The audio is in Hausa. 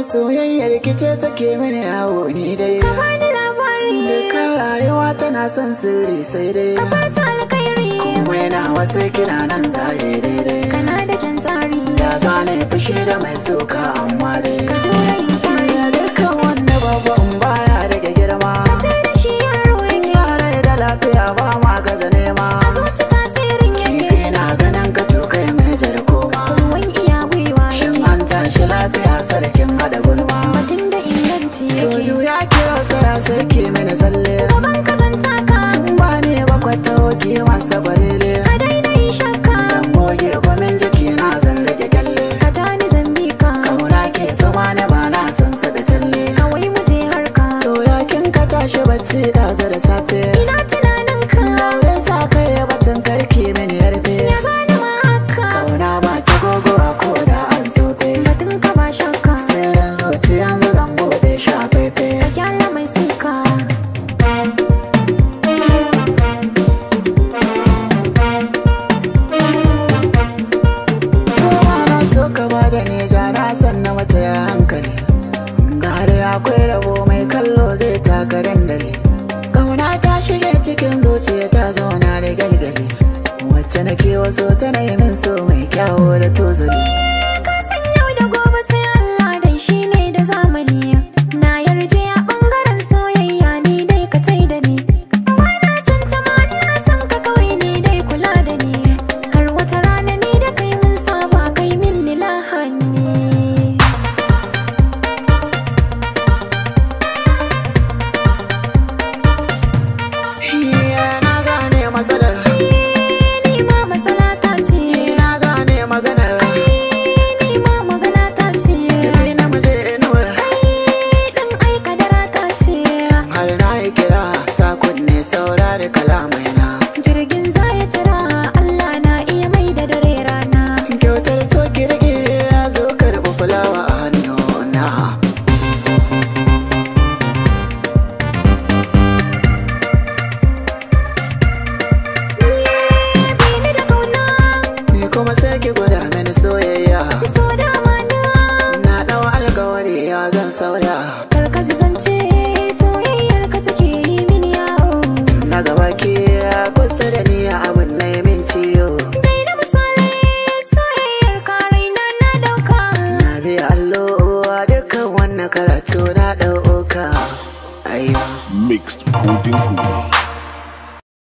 soyayyar rikice take mini awo ni dai ka bani labari dukkan rayuwa tana son sirri sai dai ka farta alkhairi Kuma na wasu kina nan zaye daidai kana da kyan tsari ya zane fushi da mai suka amma dai Juju ya kira saya sai ke mini tsalle Gaban ka zan taka Ba ne bakwai ta hoki masa gwalile Ka daina yi shakka Dan goge gwamin jiki na zan rage kyalle Ka ja ni zan ka Kauna ke zama na ba na san sa da talle Kawai mu je harka To yakin ka tashi bacci da zara safe akwai rabo mai kallo zai taka dandali Kauna ta shige cikin zuciya jirgin za ya cira Mixed pudding goose.